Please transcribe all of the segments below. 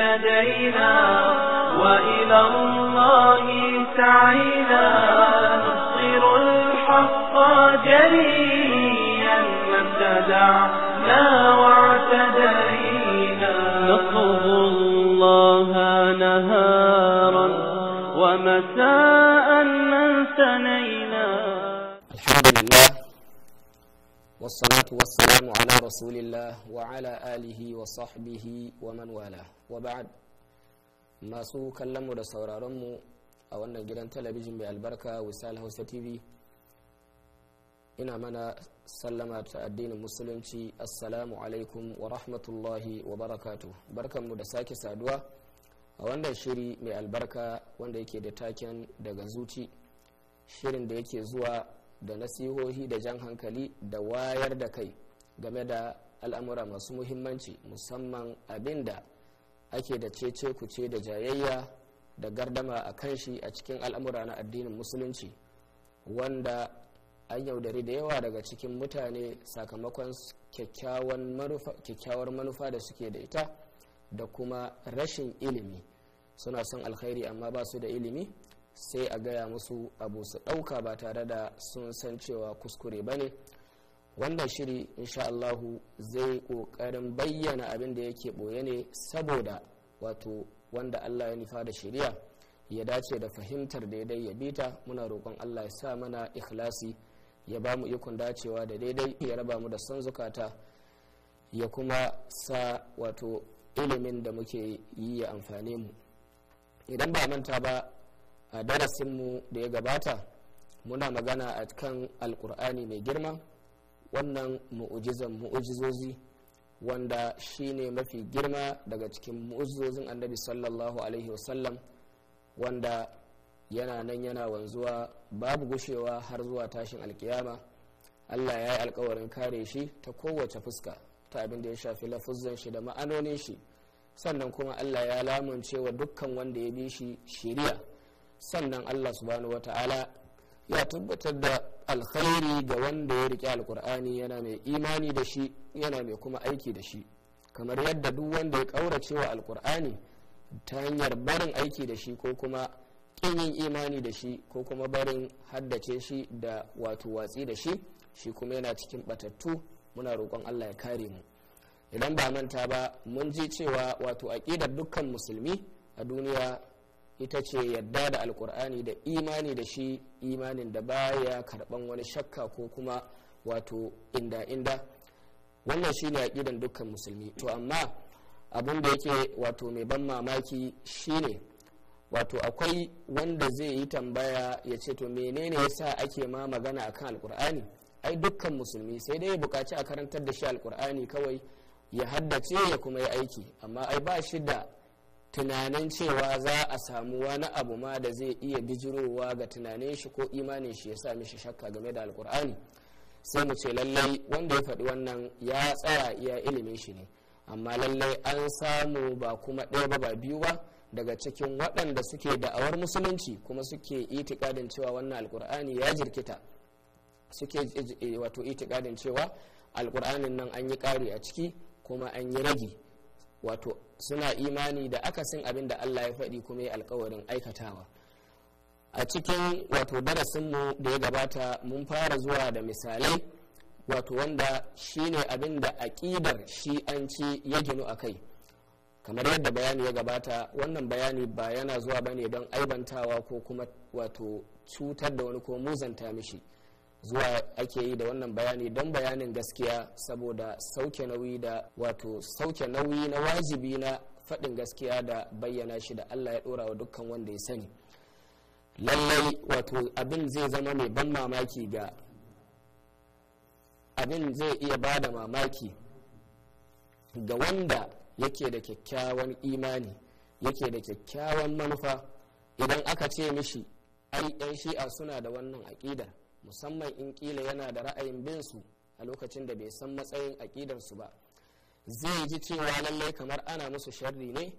اهتدينا وإلى الله سعينا نصر الحق جليا ما ابتدعنا والصلاة ala على رسول الله wa آله wa manwala والاه وبعد ما سو mu da sauraronmu a wannan gidan talabijin mai albarka wisal hausa tv ina mana sallama ta addinin musulunci assalamu alaikum wa rahmatullahi wa barakatu barkanmu da sake saduwa a wannan shiri mai albarka wanda yake da taken daga zuci shirin da yake zuwa da nasihohi da jan hankali da wayar da kai game da al'amura masu muhimmanci musamman abin da ake da cece kuce da jayayya da gardama a kan shi a cikin al'amura na addinin musulunci wanda an yaudari da yawa daga cikin mutane sakamakon kyakkyawar manufa da suke da ita da kuma rashin ilimi suna son alkhairi amma ba su da ilimi sai a gaya musu abu su ɗauka ba tare da sun san cewa kuskure ba ne wannan shiri insha allahu zai ƙoƙarin bayyana abin da yake ɓoye ne saboda wato wanda allah ya nufa da shari'a ya dace da fahimtar daidai ya bita muna roƙon allah ya sa mana ikhlasi ya ba mu ikon dacewa da daidai ya raba mu da son zukata ya kuma sa wato ilimin da muke yi ya amfane mu idan ba manta ba a darasinmu da ya gabata muna magana a kan alkur'ani mai girma wannan mu'ujizan mu'ujizozi wanda shine mafi girma daga cikin mu'ujizozin annabi sallallahu alaihi wasallam wanda yana nan yana wanzuwa babu gushewa har zuwa tashin alkiyama allah ya yi alkawarin kare shi ta kowace fuska ta abin da ya shafi lafuzan shi da ma'anonin shi sannan kuma allah ya lamun wa dukkan wanda ya bi shi shiriya sannan allah subhanahu ta'ala ya tabbatar da alkhairi ga wanda ya riƙe alkur'ani yana mai imani da shi yana mai kuma aiki da shi kamar yadda duk wanda ya ƙaurace wa alkur'ani ta hanyar barin aiki da shi ko kuma ƙin yin imani da shi ko kuma barin haddace shi da wato watsi da shi shi kuma yana cikin batattu muna roƙon allah ya kare mu idan ba manta ba mun ji cewa wato aƙidar dukkan musulmi a duniya ita ce yadda da alkur'ani da imani da shi imanin da baya karban wani shakka ko kuma wato inda inda wannan shi shine aƙidan dukkan musulmi to amma abin da yake wato mai ban mamaki shine wato akwai wanda zai yi tambaya ya ce to menene yasa ake ma magana akan alkur'ani ai dukkan musulmi sai dai ya bukaci a karantar da shi alkur'ani kawai ya haddace ya kuma yi aiki amma ai ba shi da tunanin cewa za a samu wani abu ma da zai iya bijirowa ga tunanin shi ko imanin shi ya sa mishi shakka game da alkur'ani sai mu ce lallai wanda ya faɗi wannan ya tsaya iya ilimin shi ne amma lallai an samu ba kuma ɗaya ba ba biyu ba daga cikin waɗanda suke da'awar musulunci kuma suke itikadin cewa wannan alkur'ani ya jirkita suke wato itikadin cewa alkur'anin nan an yi ƙari a ciki kuma an yi rage wato suna imani da akasin abin da Allah ya faɗi kuma ya alkawarin aikatawa a cikin wato darasinmu da ya gabata mun fara zuwa da misalai wato wanda shine abin da aƙidar shi'anci ya ginu a kai kamar yadda bayani ya gabata wannan bayani ba yana zuwa bane don aibantawa ko kuma wato cutar da wani ko muzanta mishi zuwa ake yi da wannan bayani don bayanin gaskiya saboda sauke nauyi da wato sauke nauyi na wajibi na faɗin gaskiya da bayyana shi da allah ya ɗora wa dukkan wanda ya sani lallai wato abin zai zama mai ban mamaki ga abin zai iya ba da mamaki ga wanda yake da kyakkyawan imani yake da kyakkyawan manufa idan aka ce mishi ai 'yan shi'a suna da wannan aƙidar musamman in kila yana da ra'ayin bin su a lokacin da bai san matsayin aƙidar su ba zai ji cewa lallai kamar ana musu sharri ne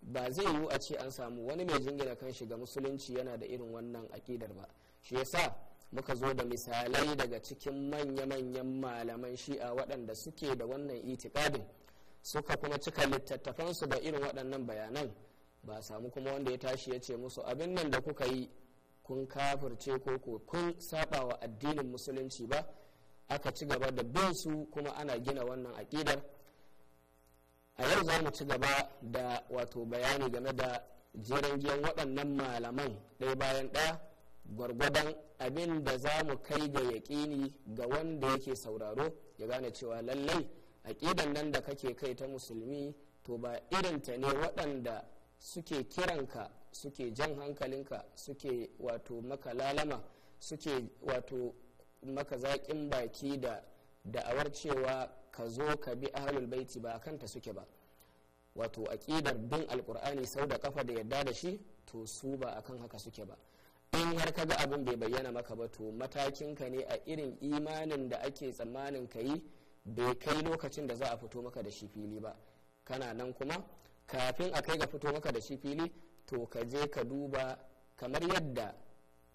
ba zai yiwu a ce an samu wani mai jingina kan shiga musulunci yana da irin wannan aƙidar ba shi yasa muka zo da misalai daga cikin manya-manyan malaman shi'a waɗanda suke da wannan itikadin suka kuma cika littattafansu da irin waɗannan bayanan ba samu kuma wanda ya tashi ya ce musu abin nan da kuka yi kun kafirce ko ko kun saba wa addinin musulunci ba aka ci gaba da bin su kuma ana gina wannan aƙidar a yau za mu ci gaba da wato bayani game da giyan waɗannan malaman ɗaya bayan ɗaya gwargwadon abin da za mu kai ga yaƙini ga wanda yake sauraro ya gane cewa lallai aƙidan nan da kake kai ta musulmi to ba irinta ne waɗanda suke kiranka suke jan hankalinka suke wato maka lalama suke wato maka zaƙin baki da da'awar cewa ka zo ka bi ahlul baiti ba kanta suke ba wato aƙidar bin alƙur'ani sau da kafa da yadda da shi to su ba akan haka suke ba in har kaga ga abin bai bayyana maka ba to matakin ka ne a irin imanin da ake tsammanin ka yi bai kai lokacin da za a fito maka da shi fili ba kana nan kuma kafin a kai ga fito maka da shi fili to ka je ka duba kamar yadda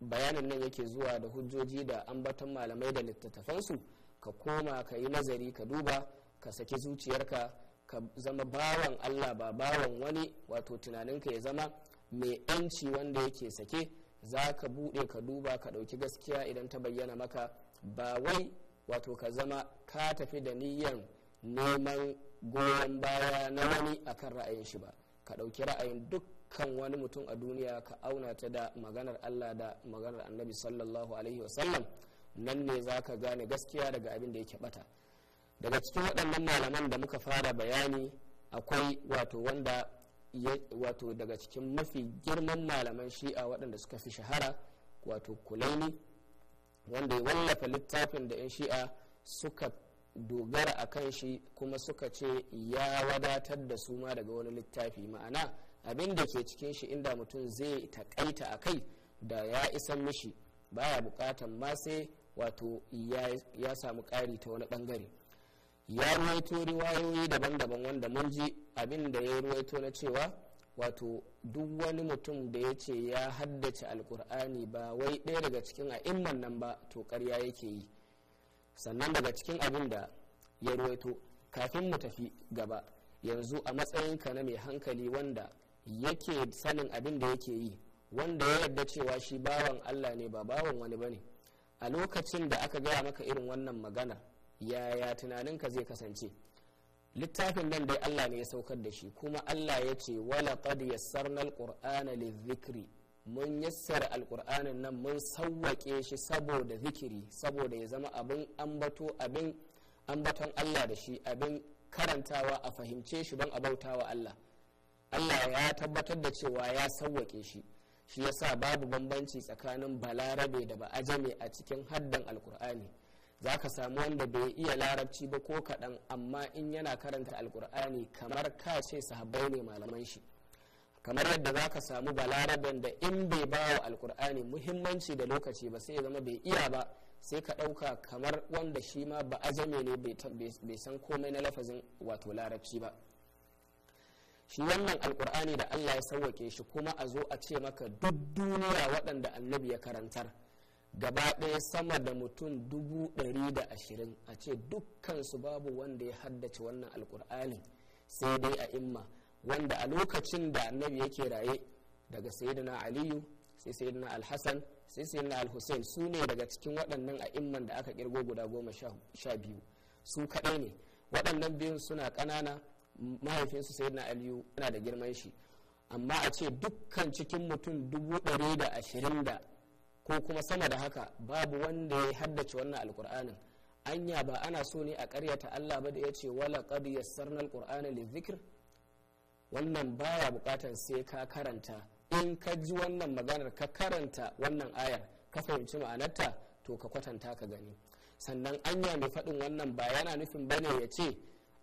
bayanin nan yake zuwa da hujjoji da ambaton malamai da littattafansu ka koma ka yi nazari ka duba ka saki zuciyarka ka zama bawan allah ba bawan wani wato tunaninka ya zama mai yanci wanda yake sake za ka bude ka duba ka dauki gaskiya idan ta bayyana maka ba wai wato ka zama ka tafi da niyyar neman goyon baya na wani akan ra'ayin shi ba ka ɗauki ra'ayin duk kan wani mutum a duniya ka auna ta da maganar allah da maganar annabi sallallahu alaihi wasallam nan ne za ka gane gaskiya daga abin da yake bata daga cikin waɗannan malaman da muka fara bayani akwai wato wanda wato daga cikin mafi girman malaman shi'a waɗanda suka fi shahara wato kulaini wanda ya wallafa littafin da 'yan shi'a suka dogara a kan shi kuma suka ce ya wadatar da su ma daga wani littafi ma'ana abin da ke cikin shi inda mutum zai takaita a kai da ya isan mishi baya bukatan ma sai wato ya samu ƙari ta wani bangare ya ruwaito riwayoyi daban-daban wanda mun ji abin da ya ruwaito na cewa wato duk wani mutum da ya ce ya haddace alkur'ani ba wai ɗaya daga cikin a'imman nan ba to ƙarya yake yi sannan daga cikin abin da ya ruwaito kafin mu tafi gaba yanzu a matsayinka na mai hankali wanda yake sanin abin da yake yi wanda ya yarda cewa shi bawan Allah ne ba bawan wani bane a lokacin da aka gaya maka irin wannan magana yaya tunaninka zai kasance littafin nan dai Allah ne ya saukar da shi kuma Allah ya ce wala qad yassarna alqur'ana zikiri mun yassara alqur'anin nan mun sawwake shi saboda zikiri saboda ya zama abin ambato abin ambaton Allah da shi abin karantawa a fahimce shi don a wa Allah allah ya tabbatar da cewa ya sawwake shi shi yasa babu bambanci tsakanin balarabe da ba'ajame a cikin haddan alkur'ani za ka samu wanda bai iya larabci ba ko kaɗan amma in yana karanta alkur'ani kamar ka ce sahabbai ne malaman shi kamar yadda za ka samu balaraben da in bai ba wa alkur'ani muhimmanci da lokaci ba sai ya zama bai iya ba sai ka ɗauka kamar wanda shi ma ba ne bai san komai na lafazin wato larabci ba shi wannan alkur'ani da allah ya sauwake shi kuma a zo a ce maka duk duniya waɗanda annabi ya karantar gaba ɗaya sama da mutum dubu ɗari da ashirin a ce dukkansu babu wanda ya haddace wannan alkur'ani sai dai a imma wanda a lokacin da annabi yake raye daga sayyidina aliyu sai sayyidina alhassan sai sayyidina alhussein su ne daga cikin waɗannan a imman da aka kirgo guda goma sha biyu su kaɗai ne waɗannan biyun suna ƙanana mahaifinsu sai na aliyu yana da girman shi amma a ce dukkan cikin mutum dubu ɗari da ashirin da ko kuma sama da haka babu wanda ya haddace wannan alkur'anin anya ba ana so ne a karyata allah ba da ya ce wala qad yassarna alqur'ana lizikr wannan baya bukatar sai ka karanta in ka ji wannan maganar ka karanta wannan ayar ka fahimci ma'anarta to ka kwatanta ka gani sannan anya mai faɗin wannan ba yana nufin bane ya ce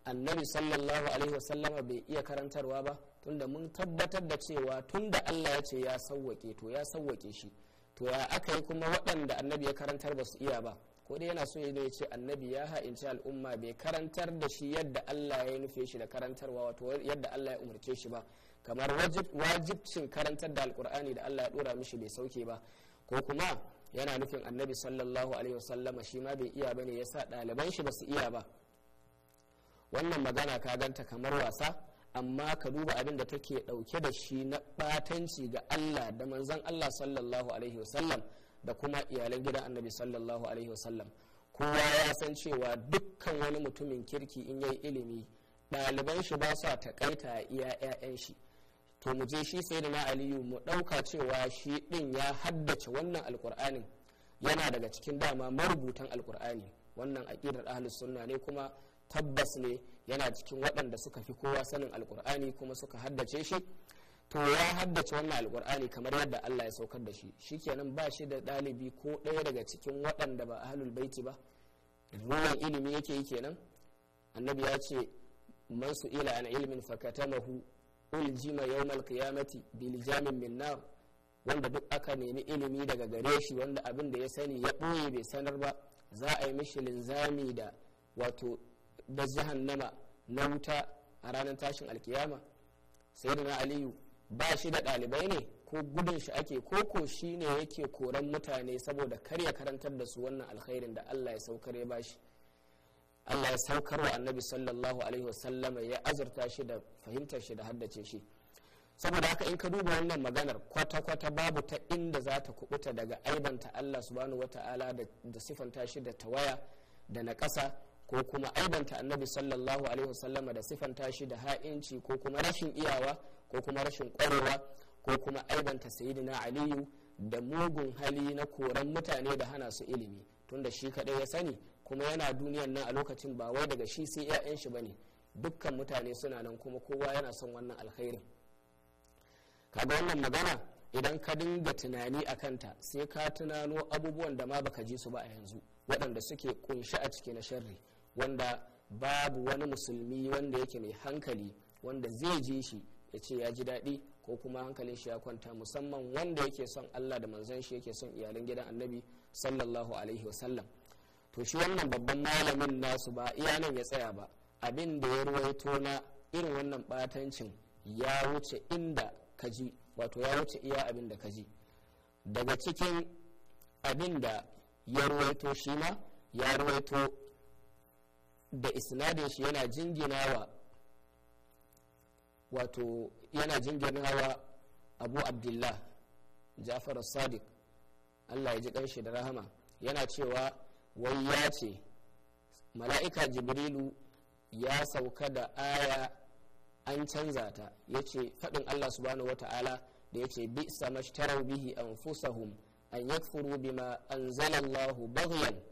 annabi sallallahu alaihi wasallama bai iya karantarwa ba tunda mun tabbatar da cewa tunda allah ya ce ya sauwake to ya sauwake shi to ya aka yi kuma waɗanda annabi ya karantar ba su iya ba ko dai yana so ya ce annabi ya ha'inci al'umma bai karantar da shi yadda allah ya nufe shi da karantarwa wato yadda allah ya umarce shi ba kamar wajibcin karantar da alkur'ani da allah ya dora mishi bai sauke ba ko kuma yana nufin annabi sallallahu alaihi wasallama shi ma bai iya ba ne ya sa ɗaliban shi ba su iya ba wannan magana ka ganta kamar wasa amma ka duba abin da take ɗauke da shi na ɓatanci ga allah da manzan allah sallallahu alaihi wasallam da kuma iyalan gidan annabi sallallahu alaihi wasallam kowa ya san cewa dukkan wani mutumin kirki in yayi ilimi ɗaliban shi ba sa takaita iya ƴaƴan shi to mu je shi sai da na aliyu mu ɗauka cewa shi ɗin ya haddace wannan alkur'anin yana daga cikin dama marubutan alkur'ani wannan aƙidar ahlus sunna ne kuma tabbas ne yana cikin waɗanda suka fi kowa sanin alkur'ani kuma suka haddace shi to ya haddace wannan alkur'ani kamar yadda Allah ya saukar da shi shikenan ba shi da ɗalibi ko ɗaya daga cikin waɗanda ba ahlul baiti ba ruwan ilimi yake yi kenan annabi ya ce man su ila an ilmin fakatamahu uljima yawmal qiyamati bil jamin min nar wanda duk aka nemi ilimi daga gare shi wanda abin da ya sani ya ɓoye bai sanar ba za a yi mishi linzami da wato da jahannama na wuta a ranar tashin alkiyama sai da na aliyu ba shi da ɗalibai ne ko gudun shi ake ko ko shi ne yake koran mutane saboda kar ya karantar da su wannan alkhairin da allah ya saukar ya bashi allah ya saukar wa annabi sallallahu alaihi wasallama ya azurta shi da fahimtar shi da haddace shi saboda haka in ka duba wannan maganar kwata-kwata babu ta inda za ta kubuta daga aibanta allah subhanahu wata'ala da sifanta shi da tawaya da na ƙasa ko kuma aibanta annabi sallallahu alaihi wasallama da sifanta shi da ha'inci ko kuma rashin iyawa ko kuma rashin kwarewa ko kuma aibanta sayidina aliyu da mugun hali na koran mutane da hana su ilimi tunda shi kadai ya sani kuma yana duniyan nan a lokacin ba wai daga shi sai 'ya'yan shi bane dukkan mutane suna nan kuma kowa yana son wannan alkhairin kaga wannan magana idan ka dinga tunani a kanta sai ka tunano abubuwan da ma baka ji su ba a yanzu waɗanda suke kunshi a ciki na sharri wanda babu wani musulmi wanda yake mai hankali wanda zai ji shi ya ce ya ji daɗi ko kuma hankalin shi ya kwanta musamman wanda yake son Allah da manzon shi yake son iyalin gidan annabi sallallahu alaihi wasallam to shi wannan babban malamin nasu ba iya ya tsaya ba abin da ya ruwaito na irin wannan batancin ya wuce inda kaji wato ya wuce iya abin da kaji daga cikin abin da ya ruwaito shi ma ya ruwaito da isnadin shi yana jinginawa wato yana jinginawa abu abdullah jafar sadiq allah ya ji kanshi da rahama yana cewa wai ya ce mala'ika jibrilu ya sauka da aya an canza ta ya ce faɗin allah subhanahu wa ta'ala da ya ce bi bihi anfusahum an yakfuru bima anzalallahu baghyan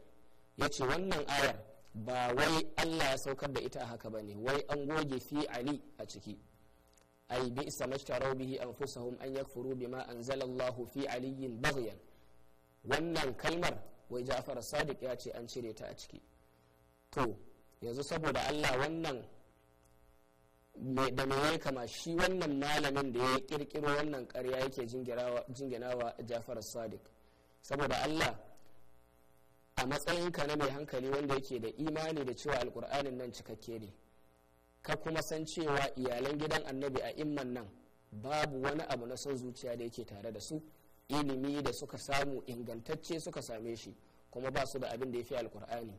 ya ce wannan ayar ba wai Allah ya saukar da ita haka ba ne wai an goge fi ali a ciki ai bi isa mashtarau bihi anfusahum an yakfuru bima anzalallahu fi aliyin baghyan wannan kalmar wai Ja'far Sadiq ya ce an cire ta a ciki to yanzu saboda Allah wannan da me ya kama shi wannan malamin da ya kirkiro wannan ƙarya yake jinginawa Ja'far Sadiq saboda Allah a matsayinka na mai hankali wanda yake da imani da cewa alkur'anin nan cikakke ne ka kuma san cewa iyalan gidan annabi a imman nan babu wani abu na son zuciya da yake tare da su ilimi da suka samu ingantacce suka same shi kuma ba su da abin da ya fi alkur'ani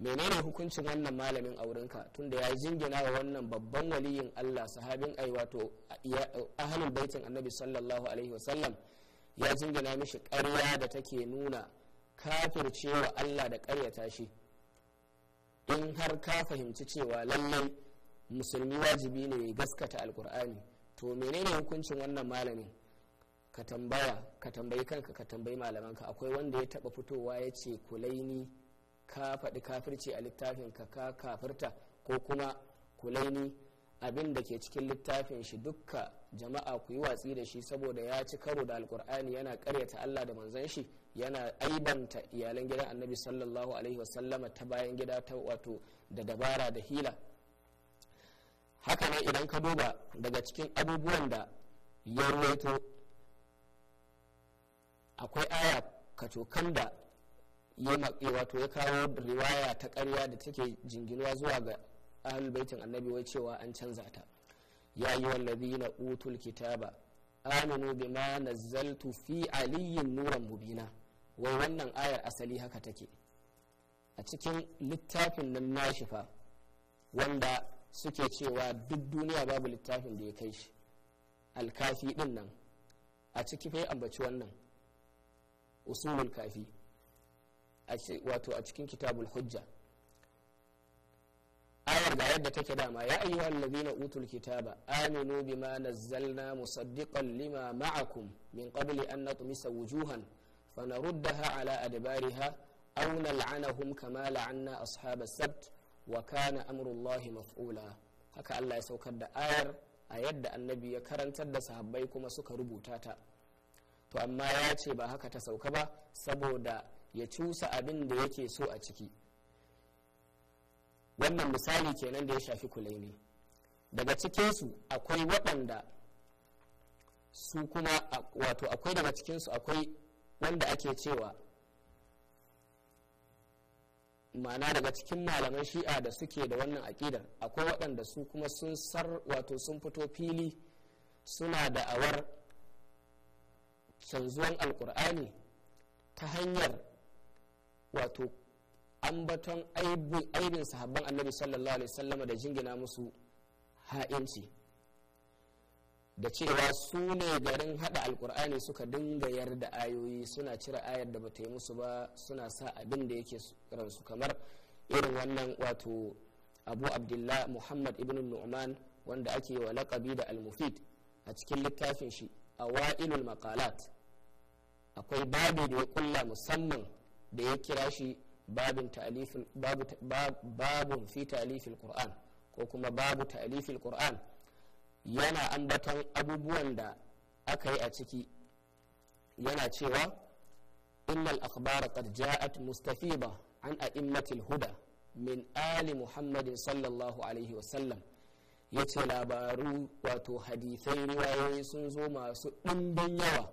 menene hukuncin wannan malamin aurenka tunda ya jingina wa wannan babban waliyin allah sahabin ai wato ahalin baitin annabi sallallahu alaihi wasallam ya jingina mishi ƙarya da take nuna kafircewa Allah da ƙaryata shi in har ka fahimci cewa lallai musulmi wajibi ne ya gaskata alkur'ani to menene hukuncin wannan malamin ka tambaya ka tambayi kanka ka tambayi malamanka akwai wanda ya taba fitowa ya ce kulaini ka faɗi kafirci a littafin ka ka kafirta ko kuma kulaini abin da ke cikin littafin shi dukka jama'a ku yi watsi da shi saboda ya ci karo da alkur'ani yana karyata allah da manzan shi yana aibanta iyalan gidan annabi sallallahu alaihi wasallama ta bayan gida ta wato da dabara da hila haka ne idan ka duba daga cikin abubuwan da ya ruwaito akwai aya kacokan da ya wato ya kawo riwaya ta karya da take jinginuwa zuwa ga ahal baitin annabi wai cewa an canza ta ya yi na utul kitaba aminu bima nazzaltu fi aliyin nuran mubina wai wannan ayar asali haka take a cikin littafin nan nashi fa wanda suke cewa duk duniya babu littafin da ya kai shi alkafi din nan a ciki fai ambaci wannan usulul kafi wato a cikin kitabul hujja ayar ga yadda take dama ya ayyuha allazina utul kitaba aminu bima nazzalna musaddiqan lima ma'akum min qabli an natmisa wujuhan فنردها على أدبارها أو نلعنهم كما لعنا أصحاب السبت وكان أمر الله مفعولا هكا الله يسوك دا آير أيد النبي يكرن تد صحبيكم سكر بوتاتا to amma ya ce ba haka ta sauka ba saboda ya cusa abin da yake so a ciki wannan misali kenan da ya shafi kulaini daga cikinsu akwai waɗanda su kuma wato akwai daga cikinsu akwai wanda ake cewa ma'ana daga cikin malaman shi'a da suke da wannan aƙidar akwai waɗanda su kuma sun sar wato sun fito fili suna da awar canzuwan alƙur'ani ta hanyar wato ambaton aibin sahabban annabi sallallahu alaihi wasallama da jingina musu ha'inci da cewa su ne garin hada alkur'ani suka dinga yarda ayoyi suna cire ayar da bata yi musu ba suna sa abin da yake ransu kamar irin wannan wato abu abdullah muhammad ibn nu'man wanda ake wa lakabi da almufid a cikin littafin shi a wa'ilul maqalat akwai babu da ya kulla musamman da ya kira shi babun fi ta'alifin qur'an ko kuma babu ta'alifin qur'an yana ambatan abubuwan da aka yi a ciki yana cewa innal akhbara qad ja'at mustafiba an a'immatil huda min ali muhammadin sallallahu alaihi wasallam ya ce labaru wato hadisai riwayoyi sun zo masu ɗimbin yawa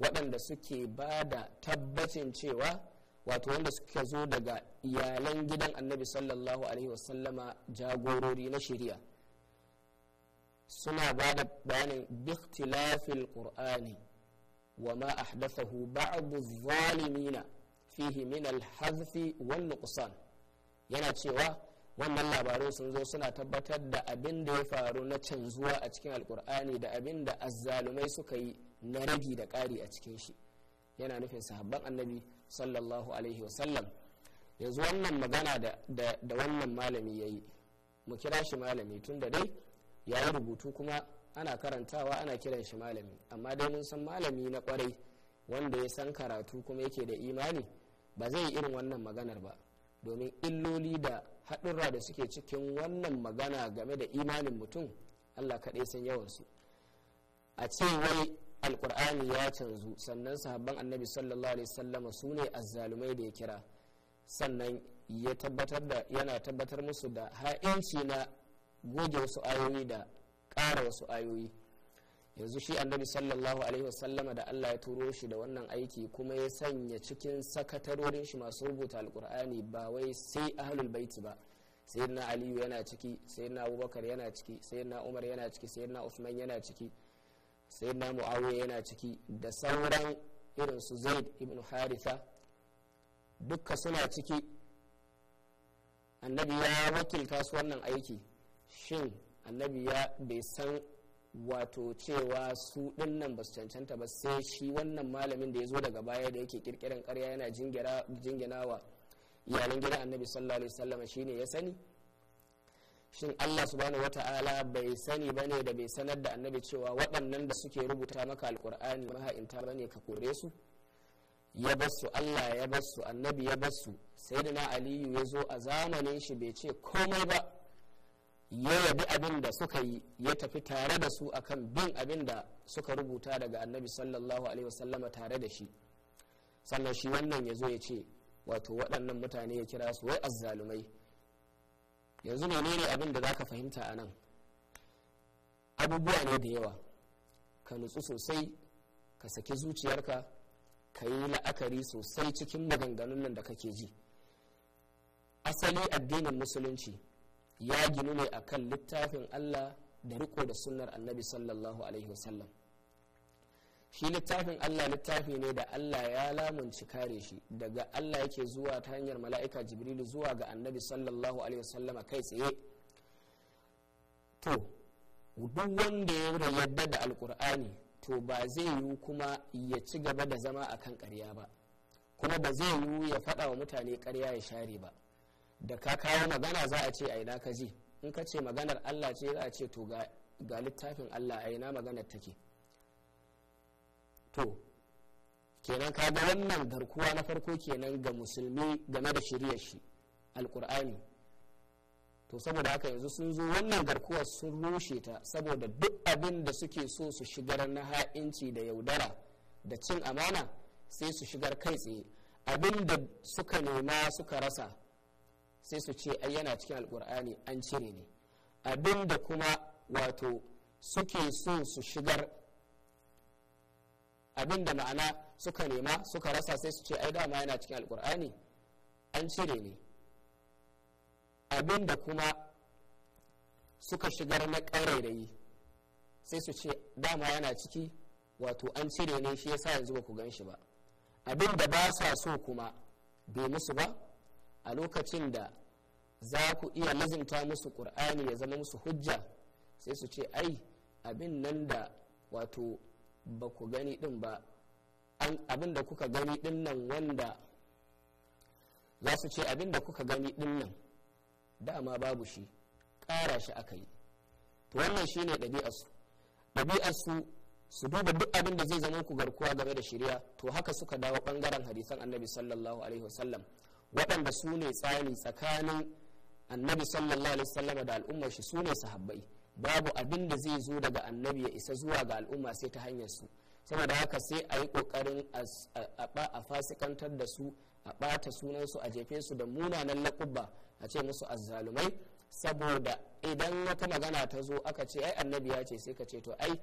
waɗanda suke ba da tabbacin cewa wato wanda suka zo daga iyalan gidan annabi sallallahu alaihi wasallama jagorori na shari'a suna ba da bayanin biktilafil ƙur'ani wa ma ahdathahu ba'd zalimina fihi min al-hazfi wal nuqsan yana cewa wannan labarai sun zo suna tabbatar da abin da ya faru na canzuwa a cikin alkur'ani da abin da azzalumai suka yi na ragi da ƙari a cikin shi yana nufin sahabban annabi sallallahu alaihi wasallam yanzu wannan magana da wannan malami ya yi mu kira shi malami tun da dai ya yi rubutu kuma ana karantawa ana kiran shi malami amma dai mun san malami na kwarai wanda ya san karatu kuma yake da imani ba zai yi irin wannan maganar ba domin illoli da haɗurra da suke cikin wannan magana game da imanin mutum allah kaɗai san yawansu a ce wai alkur'ani ya canzu sannan sahabban annabi sallallahu alaihi sallama su ne azzalumai da ya kira sannan ya tabbatar da yana tabbatar musu da ha'inci na goge wasu ayoyi da ƙara wasu ayoyi yanzu shi annabi sallallahu alaihi wasallama da allah ya turo shi da wannan aiki kuma ya sanya cikin sakatarorin shi masu rubuta alkur'ani ba wai sai ahlul baiti ba sai na aliyu yana ciki sai na abubakar yana ciki sai na umar yana ciki sai na usman yana ciki sai na muawiya yana ciki da sauran irin su zaid ibn haritha duka suna ciki annabi ya wakilta su wannan aiki shin annabi ya bai san wato cewa su dinnan ba su cancanta ba sai shi wannan malamin da ya zo daga baya da yake kirkiran karya yana jinginawa Iyalin gidan annabi sallallahu alaihi wasallam shine ya sani shin allah subhanahu wata'ala bai sani ba ne da bai sanar da annabi cewa waɗannan da suke rubuta maka alkur'ani maha'inta ba ne ka kore su ya basu allah ya basu annabi ya basu sai da na aliyu ya zo a zamanin shi bai ce komai ba ya yabi abin da suka yi ya tafi tare da su akan bin abin da suka rubuta daga annabi sallallahu alaihi wasallama tare da shi sannan shi wannan ya zo ya ce wato waɗannan mutane ya kira su wai azzalumai yanzu menene abin da zaka fahimta a nan abubuwa ne da yawa ka nutsu sosai ka saki zuciyarka ka yi la'akari sosai cikin maganganun nan da kake ji asali addinin musulunci ya ginu ne akan littafin Allah da riko da sunnar annabi sallallahu alaihi wasallam shi littafin Allah littafi ne da Allah ya lamunci kare shi daga Allah yake zuwa ta hanyar mala'ika jibrilu zuwa ga annabi sallallahu alaihi wasallama kai tsaye to duk wanda ya yadda da alkur'ani to ba zai yiwu kuma ya ci gaba da zama akan karya ba kuma ba zai yiwu ya faɗa wa mutane karya ya share ba da ka kawo magana za a ce a ina ka ji in ka ce maganar allah ce za a ce to ga littafin allah a ina maganar take to kenan ka ga wannan garkuwa na farko kenan ga musulmi game da shirya shi alkur'ani to saboda haka yanzu sun zo wannan garkuwar sun rushe ta saboda duk abin da suke so su shigar na ha'inci da yaudara da cin amana sai su shigar kai tsaye abin da suka nema suka rasa sai su ce ai yana cikin alkur'ani an cire ne abin da kuma wato suke so su shigar abin da ma'ana suka nema suka rasa sai su ce ai dama yana cikin alkur'ani an cire ne abin da kuma suka shigar na ƙarairayi sai su ce dama yana ciki wato an cire ne shi yasa yanzu ba ku gan shi ba abin da ba sa so kuma bai musu ba a lokacin da za ku iya lazimta musu ƙur'ani ya zama musu hujja sai su ce ai abin nan da wato ba ku gani din ba abin da kuka gani din nan wanda za su ce abin da kuka gani din nan dama babu shi ƙara shi aka yi to wannan shine ɗabi'arsu ɗabi'arsu su duba duk abin da zai zama ku garkuwa game da shirya to haka suka dawo ɓangaren hadisan annabi sallallahu alaihi wasallam waɗanda su ne tsani tsakanin annabi sallallahu alaihi wasallam da al'ummar shi su ne sahabbai babu abin da zai zo daga annabi ya isa zuwa ga al'umma sai ta hanyar su saboda haka sai a yi kokarin a fasikantar da su a ɓata sunan su a jefe su da munanan laƙubba a ce musu azzalumai saboda idan wata magana ta zo aka ce ai annabi ya ce sai ka ce to ai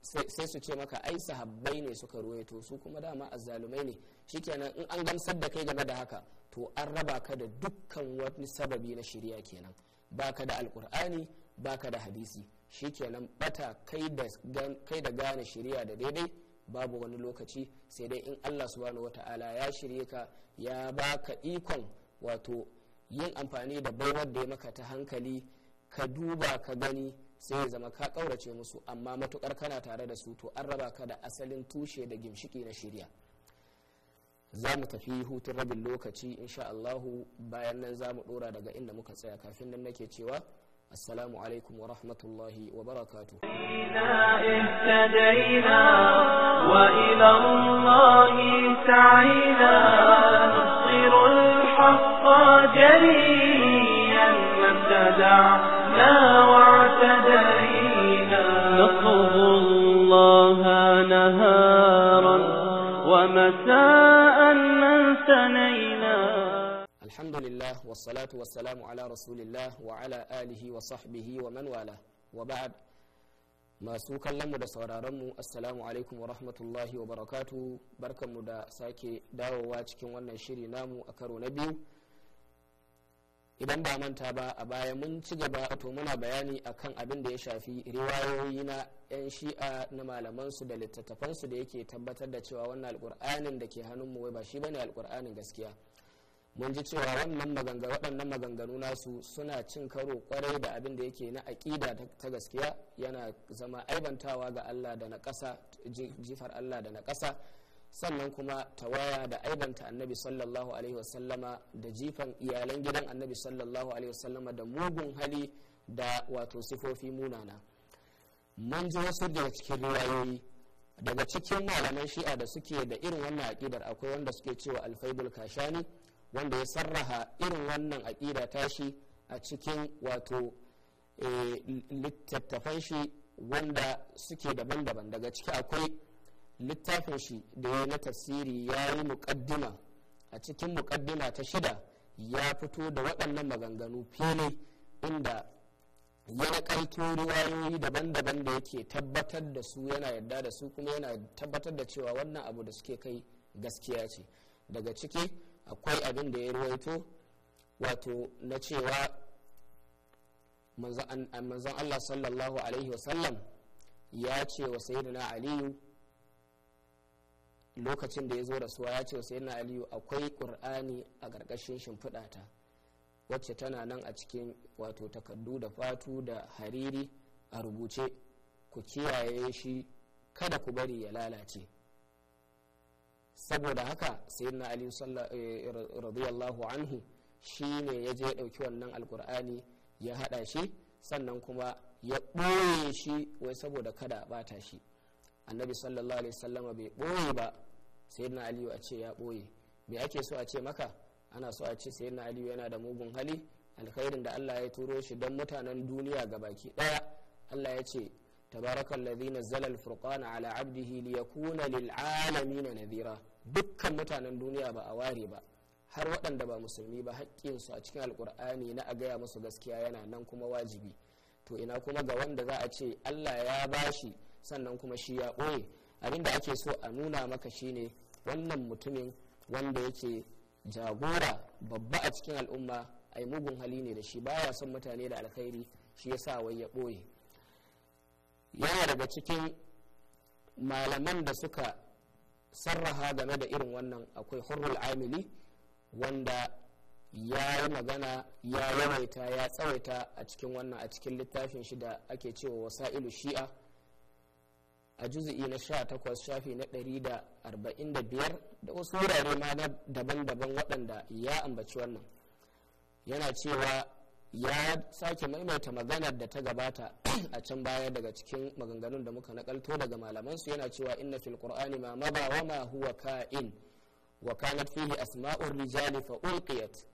sai su ce maka ai sahabbai ne suka ruwaito su kuma dama azzalumai ne shi shikenan in an gamsar da kai game da haka to an raba ka da dukkan wani sababi na shirya kenan baka da alkur'ani baka da hadisi shikenan bata kai da gane shirya da daidai babu wani lokaci sai dai in allah subhanahu wata'ala ya shirye ka ya baka ikon wato yin amfani da baiwar da ya maka ta hankali ka duba ka gani sai zama ka kaurace musu amma matukar kana tare da su to an raba ka da asalin tushe da gimshiki na shirya za mu tafi hutun rabin lokaci insha Allah bayan nan za mu dora daga inda muka tsaya kafin nan nake cewa السلام عليكم ورحمة الله وبركاته اهتدينا وإلى الله سعينا نصر الحق جريا ما ابتدعنا alhamdulillah wassalatu ala rasulillah wa ala alihi wa sahbihi wa man wala wa ba'ad masu kallonmu da mu assalamu alaikum wa rahmatullahi wa barakatu barkanmu da sake dawowa cikin wannan shiri namu a karo na biyu idan ba manta ba a baya mun ci gaba to muna bayani a kan abin da ya shafi riwayoyi na 'yan shi'a na malamansu da littattafansu da yake tabbatar da cewa wannan alkur'anin da ke hannun mu wai ba shi bane alkur'anin gaskiya mun ji cewa wannan maganganu waɗannan maganganu nasu suna cin karo kwarai da abin da yake na aƙida ta gaskiya yana zama aibantawa ga Allah da na ƙasa jifar Allah da na ƙasa sannan kuma tawaya da aibanta annabi sallallahu alaihi wasallama da jifan iyalan gidan annabi sallallahu alaihi wasallama da mugun hali da wato sifofi munana mun ji wasu daga cikin riwayoyi daga cikin malaman shi'a da suke da irin wannan aƙidar akwai wanda suke cewa alfaibul kashani wanda ya sarraha irin wannan aƙida ta shi a cikin wato eh, littattafan shi wanda suke daban-daban daga ciki akwai littafin shi da ya na tasiri ya yi muƙaddima a cikin muƙaddima ta shida ya fito da waɗannan maganganu fili inda ya naƙaito riwayoyi daban-daban da yake tabbatar da su yana yarda da su kuma yana tabbatar da cewa wannan abu da suke kai gaskiya ce daga ciki akwai abin da ya ruwaito wato na cewa manzon Allah sallallahu alaihi wasallam ya ce wa sayyidina aliyu lokacin da ya zo rasuwa ya ce wa sayyidina aliyu akwai ƙur'ani a ƙarƙashin shimfiɗata wacce tana nan a cikin wato takardu da fatu da hariri a rubuce ku kiyaye shi kada ku bari ya lalace saboda haka sayyidina ali eh, radiyallahu anhu shi ne ya je ya dauki wannan alkur'ani ya haɗa shi sannan kuma ya ɓoye shi wai saboda kada ba bata shi annabi sallallahu alaihi sallama bai ɓoye ba sayyidina aliyu a ce ya ɓoye me ake so a ce maka ana so a ce sayyidina aliyu yana da mugun hali alkhairin da allah ya turo shi don mutanen duniya ga baki ɗaya allah ya ce تبارك الذي نزل الفرقان على عبده ليكون للعالمين نذيرا dukkan mutanen duniya ba a ware ba har waɗanda ba musulmi ba haƙƙinsu a cikin alkur'ani na a gaya musu gaskiya yana nan kuma wajibi to ina kuma ga wanda za a ce allah ya bashi sannan kuma shi ya ɓoye abinda ake so a nuna maka shine wannan mutumin wanda yake jagora babba a cikin al'umma a yi mugun hali ne da shi baya son mutane da alkhairi shi ya sa wai ya ɓoye yana daga cikin malaman da suka sarraha game da irin wannan akwai hurrul amili wanda ya yi magana ya yawaita ya tsawaita a cikin wannan a cikin littafin shi da ake cewa ilu shi'a a juzi'i na 18 shafi na 145 da wasu wurare ma na daban-daban waɗanda ya ambaci wannan yana cewa ya sake maimaita maganar da ta gabata a can baya daga cikin maganganun da muka nakalto daga malaman su yana cewa inna fil qur'ani ma maba wa ma huwa ka'in wa kanat fihi asma'ur rijali fa ulqiyat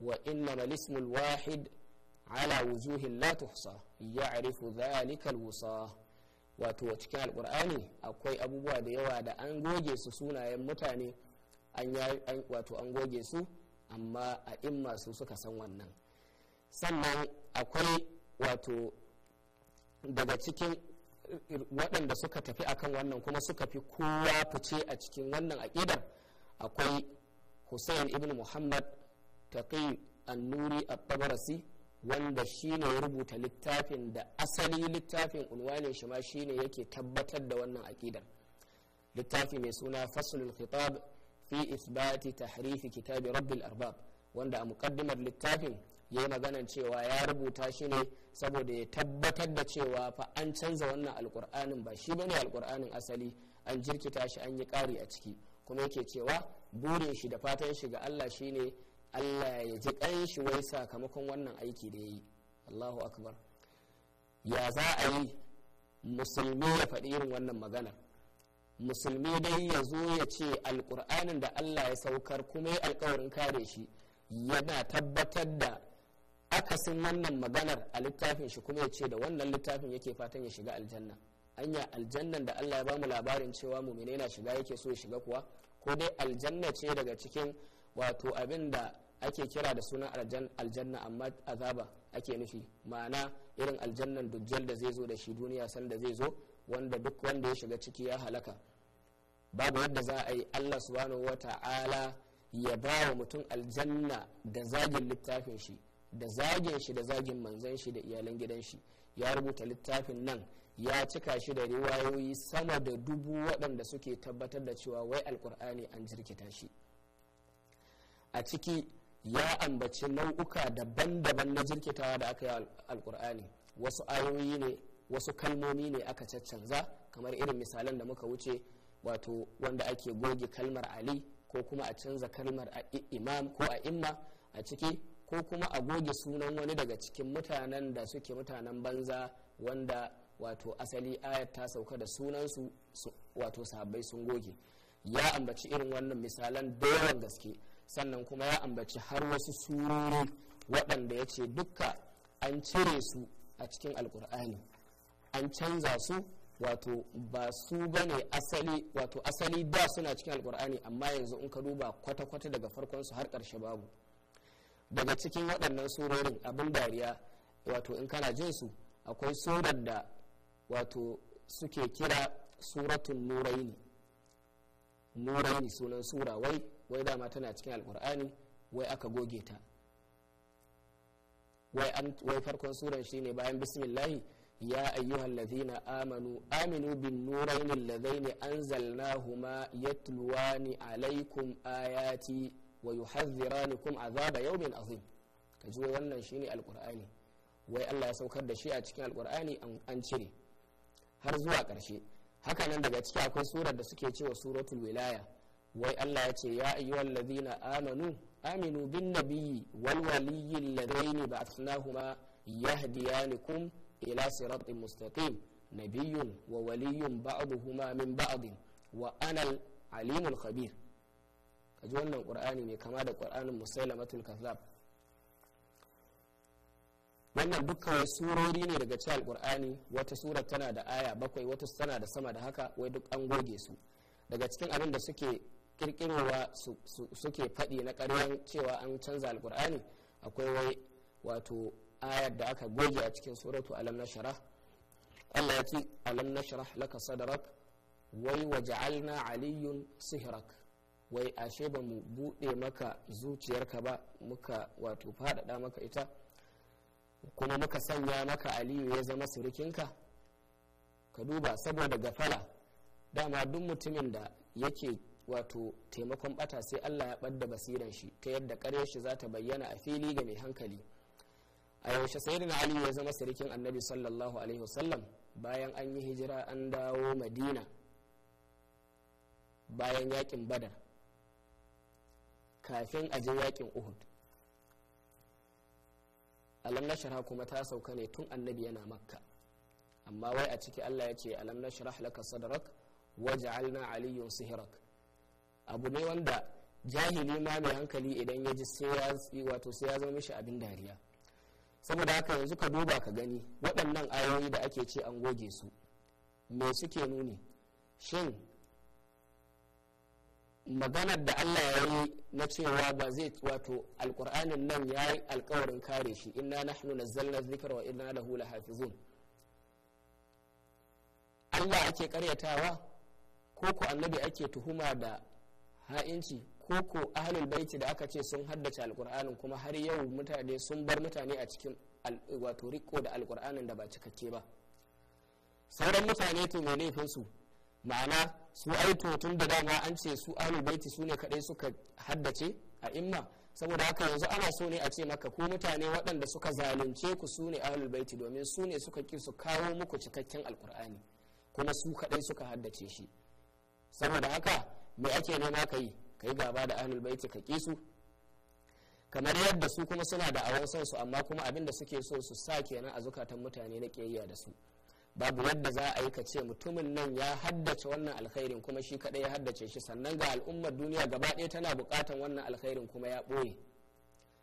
wa inna mal ismul wahid ala wujuhin la tuhsa ya'rifu dhalika al wusa wato cikin alqur'ani akwai abubuwa da yawa da an goge su sunayen mutane an wato an goge su amma a in masu suka san wannan sannan akwai wato daga cikin waɗanda suka tafi akan wannan kuma suka fi kowa fice a cikin wannan aƙidar akwai hussein ibn muhammad taqi annuri at-tabarasi wanda shine ya rubuta littafin da asali littafin unwanin shi ma shine yake tabbatar da wannan aƙidar littafi mai suna faslul khitab fi isbati tahrifi kitabi rabbil arbab wanda a muqaddimar littafin ya yi maganan cewa ya rubuta shi ne saboda ya tabbatar da cewa fa an canza wannan alkur'anin ba shi bane alkur'anin asali an jirkita shi an yi ƙari a ciki kuma yake cewa burin shi da fatan shi ga allah shine allah ya ji ƙan shi wai sakamakon wannan aiki da ya yi allahu akbar ya za a yi musulmi ya faɗi irin wannan magana musulmi dai ya zo ya ce alkur'anin da allah ya saukar kuma ya alkawarin kare shi yana tabbatar da akasin wannan maganar a littafin shi kuma ya ce da wannan littafin yake fatan ya shiga aljanna anya aljannan da Allah ya bamu labarin cewa mumine yana shiga yake so ya shiga kuwa ko dai aljanna ce daga cikin wato abin da ake kira da sunan aljanna amma azaba ake nufi ma'ana irin aljannan dujjal da zai zo da shi duniya sanda zai zo wanda duk wanda ya shiga ciki ya halaka babu yadda za a yi Allah subhanahu wata'ala ya ba wa mutum aljanna da zagin littafin shi da zagin shi da zagin manzan shi da iyalan gidan shi ya rubuta littafin nan ya cika shi da riwayoyi sama da dubu waɗanda suke tabbatar da cewa wai alkur'ani an jirkita shi a ciki ya ambaci nau'uka daban-daban na jirkitawa da aka yi alkur'ani wasu ayoyi ne wasu kalmomi ne aka caccanza kamar irin misalan da muka wuce wato wanda ake goge kalmar ali ko kuma a canza kalmar imam ko a imma a ciki ko kuma a goge sunan wani daga cikin mutanen da suke mutanen banza wanda wato asali ayat ta sauka da sunansu wato sahabbai sun goge ya ambaci irin wannan misalan da gaske sannan kuma ya ambaci har wasu surori waɗanda ya ce dukka an cire su a cikin alkur'ani an canza su wato ba su bane asali wato asali da suna cikin alkur'ani amma yanzu in ka duba kwata-kwata daga farkon su har ƙarshe babu daga cikin waɗannan surorin abin dariya wato in kana jin su akwai surar da wato suke kira suratun nuraini nuraini sunan sura wai wai dama tana cikin alkur'ani wai aka goge ta wai farkon suran shine bayan bismillahi ya ayyuhal ladhina amanu aminu bin nuraini alladhaini anzalnahuma yatluwani alaikum ayati wa kum azaba yawmin azim kaji wannan shine alqur'ani wai Allah ya saukar da shi a cikin alqur'ani an cire har zuwa ƙarshe nan daga ciki akwai surar da suke cewa suratul wilaya wai Allah ya ce ya ayyuhal ladhina amanu aminu bin nabiyyi wal waliyyi ladaini ba'athnahuma yahdiyanikum ila siratin mustaqim nabiyyun wa waliyyun ba'duhuma min ba'd wa anal alimul khabir kaji wannan qur'ani mai kama da qur'anin musailamatul kazzab wannan dukkan surori ne daga cikin alkur'ani wata sura tana da aya bakwai wata tana da sama da haka wai duk an goge su daga cikin abin da suke kirkirowa suke faɗi na ƙaryan cewa an canza alkur'ani akwai wai wato ayar da aka goge a cikin suratu alam nashara Allah ya ce alam nashara laka sadrak wai waja'alna aliyun sihrak wai ashe ba mu buɗe maka zuciyarka ba muka wato faɗaɗa maka ita kuma muka sanya maka aliyu ya zama surukinka ka duba saboda gafala dama duk mutumin da yake wato taimakon bata sai allah ya ɓadda basiran shi ta yadda ƙarya shi za ta bayyana a fili ga mai hankali a yaushe sai da aliyu ya zama surukin annabi sallallahu alaihi wasallam bayan an yi hijira an dawo madina bayan yakin badar kafin a je yakin uhud alam nashraha kuma ta sauka ne tun annabi yana makka amma wai a ciki allah ya ce alam nashrah laka sadrak waj'alna aliyyun sihrak abu ne wanda jahili ma mai hankali idan ya ji sai wato sai ya zama mishi abin dariya saboda haka yanzu ka duba ka gani waɗannan ayoyi da ake ce an goge su me suke nuni shin maganar da Allah ya yi na cewa ba zai wato alkur'anin nan ya yi alkawarin kare shi inna nahnu nazzalna na wa inna lahu lahafizun Allah ake karyatawa ko ko annabi ake tuhuma da ha'inci ko ko ahlul baiti da aka ce sun haddace alkur'anin kuma har yau mutane sun bar mutane a cikin wato riko da alkur'anin da ba cikakke ba sauran mutane to me ma'ana su aito tun da dama an ce su alu baiti su ne kadai suka haddace a imma saboda haka yanzu ana so ne a ce maka ko mutane waɗanda suka zalunce ku su ne ahlul baiti domin su ne suka ki su kawo muku cikakken alkur'ani kuma su kaɗai suka haddace shi saboda haka me ake nema ka yi ka yi gaba da ahlul baiti ka ki su kamar yadda su kuma suna da awon son su amma kuma abin da suke so su sa kenan a zukatan mutane na ƙiyayya da su babu yadda za a yi ka ce mutumin nan ya haddace wannan alkhairin kuma shi kadai ya haddace shi sannan ga al'ummar duniya gaba ɗaya tana buƙatan wannan alkhairin kuma ya ɓoye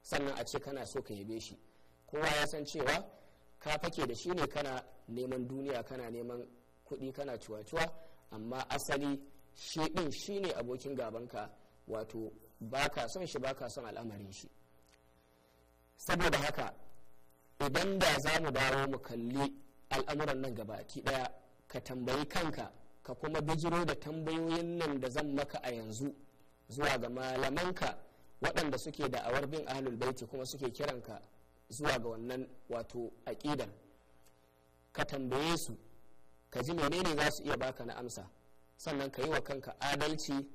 sannan a ce kana so ka yabe shi kowa ya san cewa ka fake da shi ne kana neman duniya kana neman kuɗi kana cuwa-cuwa amma asali shi ɗin shi ne abokin gabanka wato ba ka son shi ba ka son al'amarin shi saboda haka idan da za mu dawo mu kalli al'amuran nan gaba ki daya ka tambayi kanka ka kuma bijiro da tambayoyin nan da zan maka a yanzu zuwa ga malamanka waɗanda suke da awar bin ahlul baiti kuma suke kiranka zuwa ga wannan wato aƙidar ka tambaye su ka ji menene za su iya baka na amsa sannan ka yi wa kanka adalci